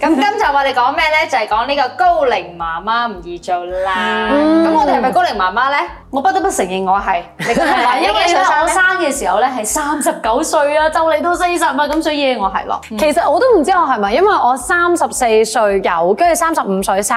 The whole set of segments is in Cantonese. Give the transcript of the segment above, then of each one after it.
咁今集我哋講咩咧？就係講呢個高齡媽媽唔易做啦。咁我哋係咪高齡媽媽咧？我不得不承認我係，係咪？因為咧我生嘅時候咧係三十九歲啊，就嚟到四十啊，咁所以我係咯。其實我都唔知我係咪，因為我三十四歲有，跟住三十五歲生，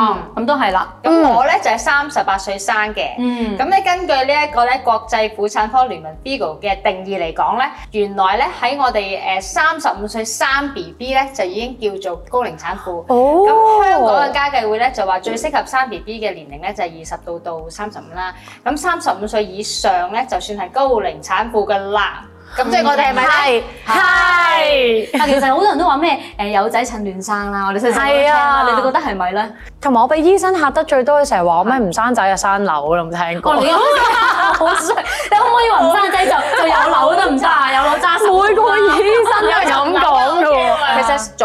哦，咁都係啦。咁我咧就係三十八歲生嘅，嗯。咁咧根據呢一個咧國際婦產科聯盟 FIGO 嘅定義嚟講咧，原來咧喺我哋誒三十五歲生 B B 咧就已經叫做。高齡產婦，咁、oh, 香港嘅家計會咧就話最適合生 B B 嘅年齡咧就係二十到到三十五啦，咁三十五歲以上咧就算係高齡產婦嘅啦。咁即係我哋係咪？係係。啊，其實好多人都話咩誒有仔趁亂生啦，我哋細細聽係啊，你哋覺得係咪咧？同埋我俾醫生嚇得最多，嘅，成日話我咩唔生仔啊生瘤你有冇聽過？ 好衰，你可唔可以話唔生仔就就有瘤都唔揸？有瘤揸？樓 每個醫生都咁。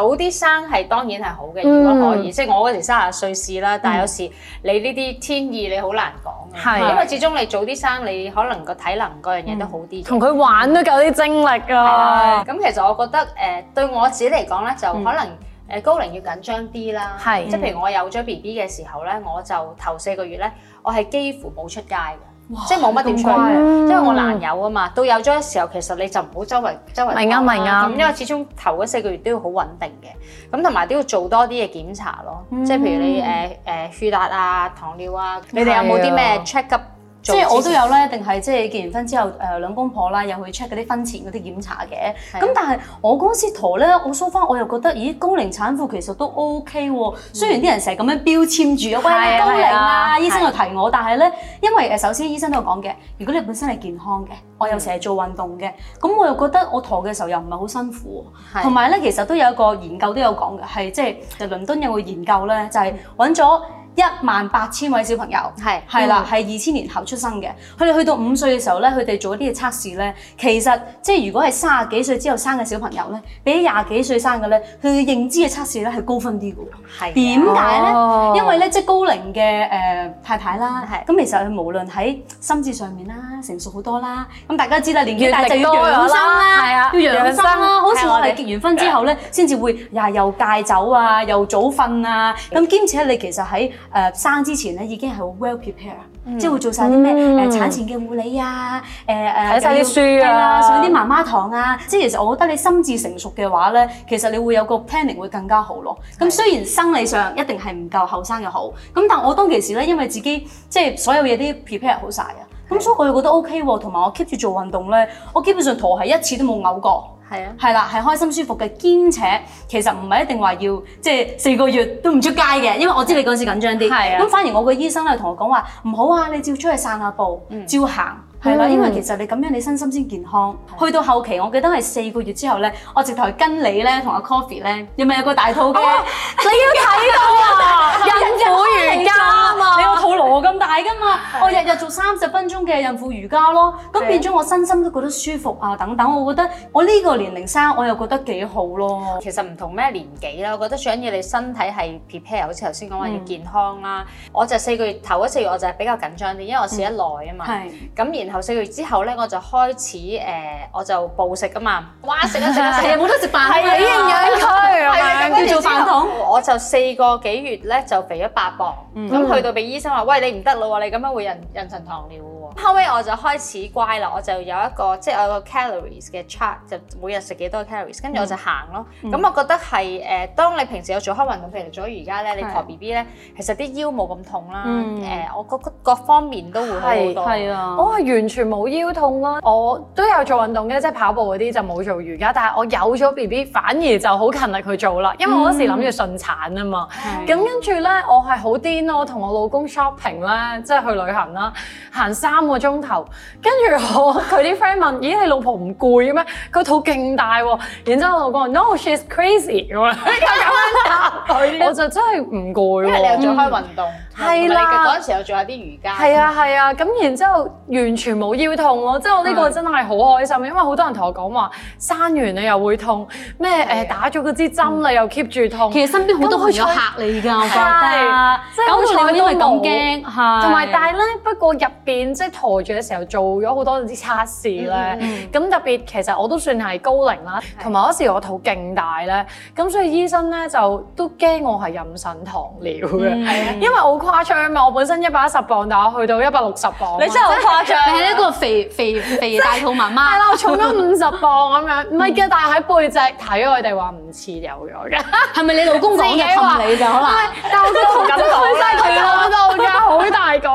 早啲生係當然係好嘅，如果可以。嗯、即係我嗰時三十歲試啦，但係有時你呢啲天意你好難講嘅，嗯、因為始終你早啲生，你可能個體能嗰樣嘢都好啲。同佢、嗯、玩都夠啲精力㗎！咁、啊、其實我覺得誒、呃、對我自己嚟講咧，就可能誒高齡要緊張啲啦。嗯、即係譬如我有咗 B B 嘅時候咧，我就、嗯、頭四個月咧，我係幾乎冇出街嘅。哇即係冇乜點追，因為我難有啊嘛。到有咗嘅時候，其實你就唔好周圍周圍。明啊明啊！咁、嗯、因為始終頭嗰四個月都要好穩定嘅，咁同埋都要做多啲嘅檢查咯。嗯、即係譬如你誒誒、呃、血壓啊、糖尿啊，你哋有冇啲咩 check up？即係我都有咧，定係即係結完婚之後，誒、呃、兩公婆啦，又去 check 嗰啲婚前嗰啲檢查嘅。咁的但係我嗰次陀咧，我梳、so、翻我又覺得，咦高齡產婦其實都 OK 喎。嗯、雖然啲人成日咁樣標籤住，喂高齡的啊，的醫生又提我，但係咧，因為誒首先醫生都有講嘅，如果你本身係健康嘅，我又成日做運動嘅，咁的我又覺得我陀嘅時候又唔係好辛苦。同埋咧，其實都有一個研究都有講嘅，係即係就倫敦有個研究咧，就係揾咗，一萬八千位小朋友係係啦，係二千年後出生嘅。佢哋去到五歲嘅時候咧，佢哋做一啲嘅測試咧，其實即係如果係卅幾歲之後生嘅小朋友咧，比廿幾歲生嘅咧，佢嘅認知嘅測試咧係高分啲嘅喎。係點解咧？因為咧，即係高齡嘅誒太太啦。係咁，其實佢無論喺心智上面啦，成熟好多啦。咁大家知啦，年紀大就要養生啦，係啊，要養生咯。好似我哋結完婚之後咧，先至會呀又戒酒啊，又早瞓啊。咁兼且你其實喺誒、呃、生之前咧已經係好 well prepare，嗯、即係會做晒啲咩誒產前嘅護理啊，誒誒睇晒啲書啊，呃、上啲媽媽堂啊，嗯、即係其實我覺得你心智成熟嘅話咧，其實你會有個 planning 會更加好咯。咁的雖然生理上一定係唔夠後生嘅好，咁但我當其時咧，因為自己即係所有嘢都 prepare 好晒啊，咁的所以我又覺得 OK 喎，同埋我 keep 住做運動咧，我基本上肚係一次都冇嘔過。係啊，係啦、啊，係、啊、開心舒服嘅，兼且其實唔係一定話要即係四個月都唔出街嘅，因為我知道你嗰陣時緊張啲，咁、啊、反而我個醫生就同我講話唔好啊，你照出去散下步，照行。嗯係啦，因為其實你咁樣你身心先健康。去到後期，我記得係四個月之後咧，我直頭跟你咧同阿 Coffee 咧，又咪有個大肚鏡？你要睇到啊！孕婦瑜伽嘛，你個肚蘿咁大㗎嘛，我日日做三十分鐘嘅孕婦瑜伽咯。咁變咗我身心都覺得舒服啊！等等，我覺得我呢個年齡生我又覺得幾好咯。其實唔同咩年紀啦，我覺得想要你身體係 prepare，好似頭先講話要健康啦。我就四個月頭一四月我就係比較緊張啲，因為我試一耐啊嘛。係咁然。然後四個月之後咧，我就開始誒、呃，我就暴食噶嘛，哇食啊，食啊食啊食，冇得食飯啊 養養嘛，冇營養佢，叫做飯桶。我就四個幾月咧就肥咗八磅，咁、嗯、去到畀醫生話，嗯、喂，你唔得啦，你咁樣會妊妊娠糖尿病。後尾我就開始乖啦，我就有一個即係我有個 calories 嘅 chart，就每日食幾多 calories，跟住我就行咯。咁、嗯嗯、我覺得係誒、呃，當你平時有做開運動，譬如做瑜伽咧，你抬 B B 咧，啊、其實啲腰冇咁痛啦。誒、嗯呃，我各各方面都會好好多。係啊，我係完全冇腰痛咯。我都有做運動嘅，即係跑步嗰啲就冇做瑜伽，但係我有咗 B B 反而就好勤力去做啦，因為我嗰時諗住順產啊嘛。咁跟住咧，我係好癲咯，同我，我老公 shopping 咧，即係去旅行啦，行山。三個鐘頭，跟住我佢啲 friend 問： 咦，你老婆唔攰嘅咩？個肚勁大。哦，然之後我老公 no, she's crazy 咁樣。我就真係唔攰，因為又做開運動。嗯係啦，嗰陣時候做下啲瑜伽，係啊係啊，咁然之後完全冇腰痛喎，即係我呢個真係好開心，因為好多人同我講話生完你又會痛，咩誒打咗嗰支針你又 keep 住痛，其實身邊好多人都嚇你㗎，我覺得，咁你都係咁驚同埋但係咧不過入邊即係抬住嘅時候做咗好多啲測試咧，咁特別其實我都算係高齡啦，同埋嗰時我肚勁大咧，咁所以醫生咧就都驚我係妊娠糖尿嘅，因為我。誇張嘛！我本身一百一十磅，但我去到一百六十磅，你真係好誇張，就是、你係一個肥肥肥大肚媽媽。係啦， 我重咗五十磅咁樣，唔係嘅，但係喺背脊睇我哋話唔似有咗嘅。係咪你老公講嘅氹你就可能？但我都覺得好犀利咯，覺得好大個。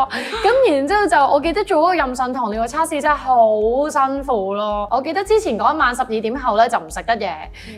咁然之後就我記得做嗰個妊娠糖尿測試真係好辛苦咯。我記得之前嗰一晚十二點後咧就唔食得嘢，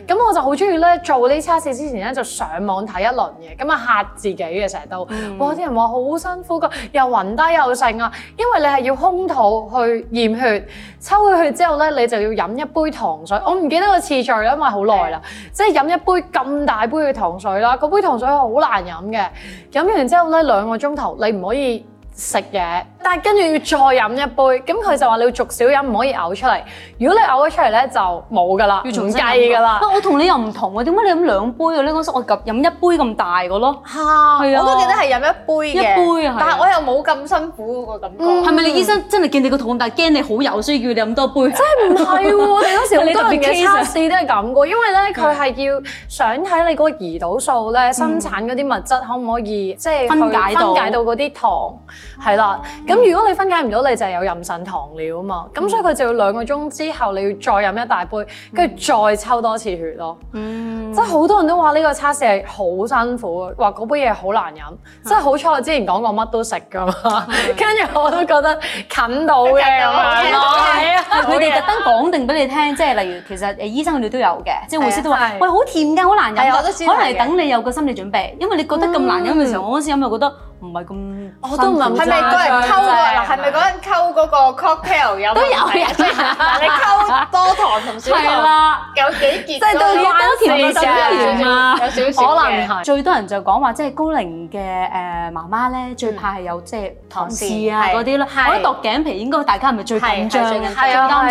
咁、mm hmm. 我就好中意咧做呢個測試之前咧就上網睇一輪嘢。咁啊嚇自己嘅成日都，mm hmm. 我好辛苦㗎，又暈低又剩啊！因為你係要空肚去驗血，抽咗血之後咧，你就要飲一杯糖水。我唔記得個次序啦，因為好耐啦，即係飲一杯咁大杯嘅糖水啦。嗰杯糖水係好難飲嘅，飲完之後咧兩個鐘頭你唔可以食嘢。但係跟住要再飲一杯，咁佢就話你要逐少飲，唔可以嘔出嚟。如果你嘔咗出嚟咧，就冇噶啦，要重計噶啦。我同你又唔同喎，點解你飲兩杯嘅咧？嗰時我飲一杯咁大嘅咯。係，我都記得係飲一杯嘅。一杯啊，但係我又冇咁辛苦嗰個感覺。係咪你醫生真係見你個肚咁大，驚你好油，所以叫你飲多杯？真係唔係喎，你哋嗰時好多嘅測試都係咁嘅，因為咧佢係要想睇你嗰個胰島素咧生產嗰啲物質可唔可以即係分解到分解到嗰啲糖係啦。如果你分解唔到，你就係有妊娠糖尿啊嘛，咁所以佢就要兩個鐘之後，你要再飲一大杯，跟住再抽多次血咯。嗯，即係好多人都話呢個測試係好辛苦嘅，話嗰杯嘢好難飲，真係好彩我之前講過乜都食㗎嘛，跟住我都覺得近到嘅。係啊，佢哋特登講定俾你聽，即係例如其實誒醫生佢哋都有嘅，即係護士都話喂好甜㗎，好難飲。可能等你有個心理準備，因為你覺得咁難飲嘅時候，我嗰時飲又覺得唔係咁。我都唔諗，係咪嗰人溝過嚟？係咪嗰陣溝嗰個 cocktail 有都有嘅，即係你溝多糖同少糖，有幾件？即係都彎咗條㗎嘛，有少少。可能係最多人就講話，即係高齡嘅誒媽媽咧，最怕係有即係糖尿啊嗰啲咯。我覺得度頸皮應該大家係咪最緊張、最擔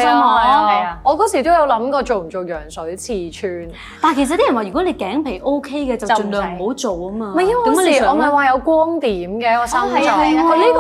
心啊？係啊，我嗰時都有諗過做唔做羊水刺穿，但係其實啲人話，如果你頸皮 OK 嘅，就盡量唔好做啊嘛。咪因為我時我唔係話有光點嘅，我三。係啊！呢個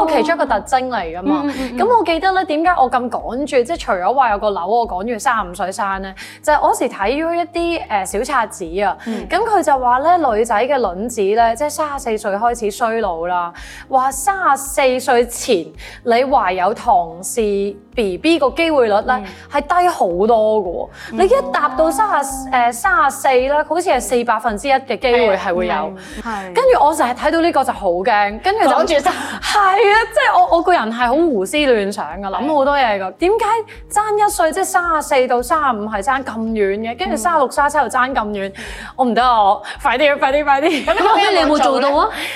其中一個特徵嚟噶嘛。咁我記得咧，點解我咁趕住？即係除咗話有個樓，我趕住三十五歲生咧，就係、是、我時睇咗一啲誒、呃、小冊子啊。咁、嗯、佢、嗯、就話咧，女仔嘅卵子咧，即係三十四歲開始衰老啦。話三十四歲前，你懷有唐氏。B B 個機會率咧係低好多嘅，嗯、你一達到卅誒卅四咧，34，好似係四百分之一嘅機會係會有。係。跟住我成日睇到呢個就好驚，跟住就係啊，即係著、就是、我我個人係好胡思亂想嘅，諗好的多嘢嘅。點解爭一歲即係卅四到卅五係爭咁遠嘅？跟住卅六、卅七又爭咁遠，我唔得啊！我快啲，快啲，快啲。咁啊麼？咁麼你有冇做到啊？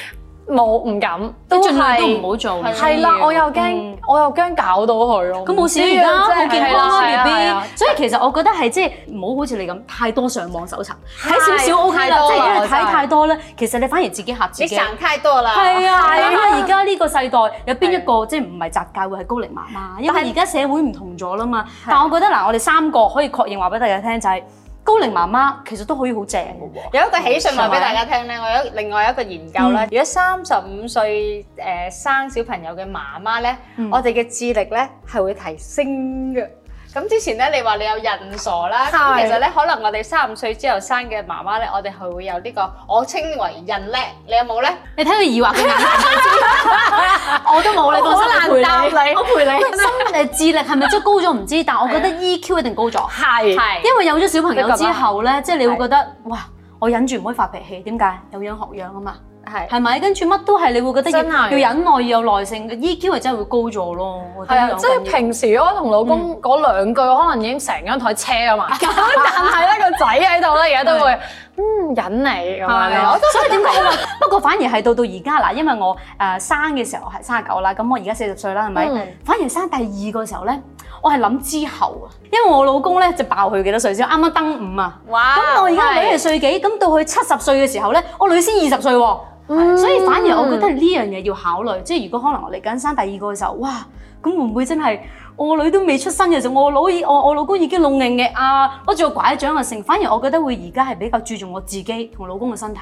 冇唔敢，都儘量都唔好做。係啦，我又驚我又驚搞到佢咯。咁冇事，而家冇見過啊，B B。所以其實我覺得係即係唔好好似你咁太多上網搜尋，睇少少 O K 啦。即如果你睇太多咧，其實你反而自己嚇自己。你想太多啦。係啊，因為而家呢個世代有邊一個即係唔係宅教會係高齡媽媽？因為而家社會唔同咗啦嘛。但係我覺得嗱，我哋三個可以確認話俾大家聽就係。高齡媽媽其實都可以好正嘅喎，嗯、有一個喜訊話俾大家聽咧，吧我有另外一個研究咧，嗯、如果三十五歲誒、呃、生小朋友嘅媽媽咧，嗯、我哋嘅智力咧係會提升嘅。咁之前咧，你話你有人傻啦，其實咧，可能我哋三十歲之後生嘅媽媽咧，我哋係會有呢個我稱為人叻，你有冇咧？你睇佢疑惑嘅眼神，我都冇你放心，我陪你，我陪你。心誒智力係咪即高咗唔知？但我覺得 EQ 一定高咗，係，因為有咗小朋友之後咧，即係你會覺得哇，我忍住唔可以發脾氣，點解？有樣學樣啊嘛。係，係咪？跟住乜都係，你會覺得要忍耐，要有耐性，EQ 係真係會高咗咯。係啊，即係平時我同老公嗰兩句，可能已經成咗台車啊嘛。但係咧，個仔喺度咧，而家都會，嗯，忍你咁樣。所以點解？不過反而係到到而家嗱，因為我誒生嘅時候係三十九啦，咁我而家四十歲啦，係咪？反而生第二個時候咧，我係諗之後啊，因為我老公咧就爆佢幾多歲先？啱啱登五啊。哇！咁我而家女係歲幾？咁到佢七十歲嘅時候咧，我女先二十歲喎。 所以反而我覺得呢樣嘢要考慮，即如果可能我嚟緊生第二個嘅時候，哇，咁會唔會真係？我女都未出生嘅時候，我老已我我老公已經攏硬嘅啊，攞住個拐杖啊成。反而我覺得會而家係比較注重我自己同老公嘅身體，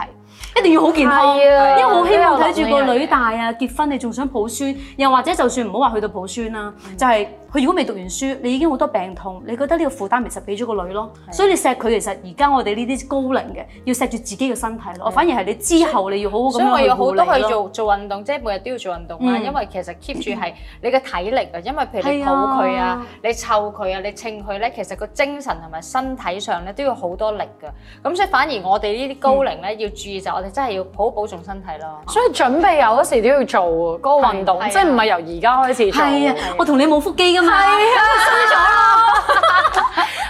一定要好健康。啊、因為我希望睇住個女大啊，啊結婚你仲想抱孫，又或者就算唔好話去到抱孫啦，嗯、就係佢如果未讀完書，你已經好多病痛，你覺得呢個負擔其實俾咗個女咯。啊、所以你錫佢其實而家我哋呢啲高齡嘅要錫住自己嘅身體咯。啊、反而係你之後你要好好咁去努所以我有好多去做做運動，即係每日都要做運動啦。嗯、因為其實 keep 住係你嘅體力啊。因為譬如佢啊，你湊佢啊，你稱佢咧，其實個精神同埋身體上咧都要好多力噶。咁所以反而我哋呢啲高齡咧，嗯、要注意就係我哋真係要好保重身體咯。啊、所以準備有一時都要做喎，嗰、那個運動即係唔係由而家開始做。係啊的，的我同你冇腹肌噶嘛。係啊的，衰咗啦。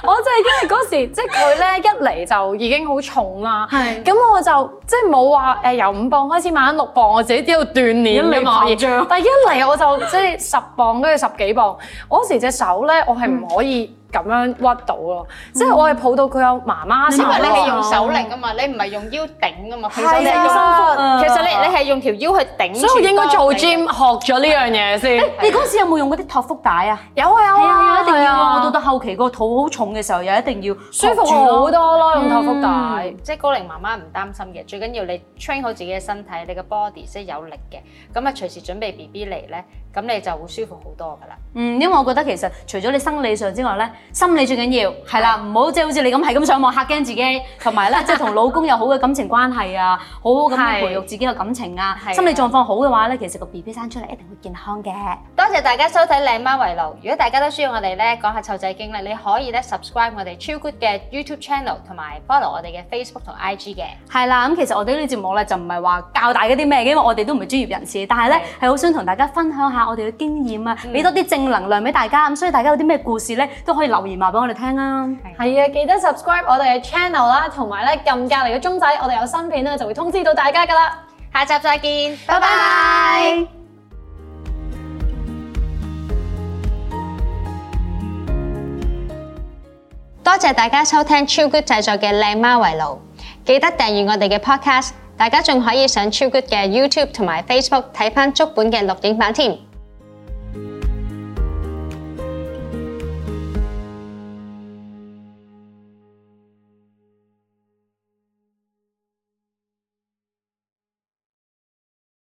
我就係因為嗰時即係佢咧一嚟，就已經好重啦，咁的我就即係冇話誒由五磅開始慢慢六磅，我自己知道鍛煉嘅嘛，一但一嚟我就 即係十磅，跟住十幾磅，嗰時隻手咧我係唔可以，嗯。咁樣屈到咯，即係我係抱到佢有媽媽先。因為你係用手擰啊嘛，你唔係用腰頂啊嘛，其實你係用你你係用條腰去頂，所以我應該做 gym 學咗呢樣嘢先。你嗰時有冇用嗰啲托腹帶啊？有啊有啊，一定要啊！我到到後期個肚好重嘅時候，又一定要舒服好多咯，用托腹帶。即係高齡媽媽唔擔心嘅，最緊要你 train 好自己嘅身體，你個 body 即係有力嘅，咁啊隨時準備 B B 嚟咧。咁你就會舒服好多㗎啦。嗯，因為我覺得其實除咗你生理上之外咧，心理最緊要係、嗯、啦，唔好即係好似你咁係咁上網嚇驚自己，同埋咧即係同老公有好嘅感情關係啊，好好咁培育自己嘅感情啊，是心理狀況好嘅話咧，的其實個 B B 生出嚟一定會健康嘅。多謝大家收睇《靚媽為奴》，如果大家都需要我哋咧講下湊仔經歷，你可以咧 subscribe 我哋超 good 嘅 YouTube channel 同埋 follow 我哋嘅 Facebook 同 IG 嘅。係啦，咁、嗯、其實我哋呢啲節目咧就唔係話教大家啲咩嘅，因為我哋都唔係專業人士，但係咧係好想同大家分享下。我哋嘅經驗啊，俾多啲正能量俾大家咁，所以大家有啲咩故事咧，都可以留言話俾我哋聽啊。係啊，記得 subscribe 我哋嘅 channel 啦，同埋咧撳隔離嘅鐘仔，我哋有新片咧就會通知到大家噶啦。下集再見，拜拜！多謝大家收聽超 good 製作嘅《靚媽圍爐》，記得訂閱我哋嘅 podcast。大家仲可以上超 good 嘅 YouTube 同埋 Facebook 睇翻足本嘅錄影版添。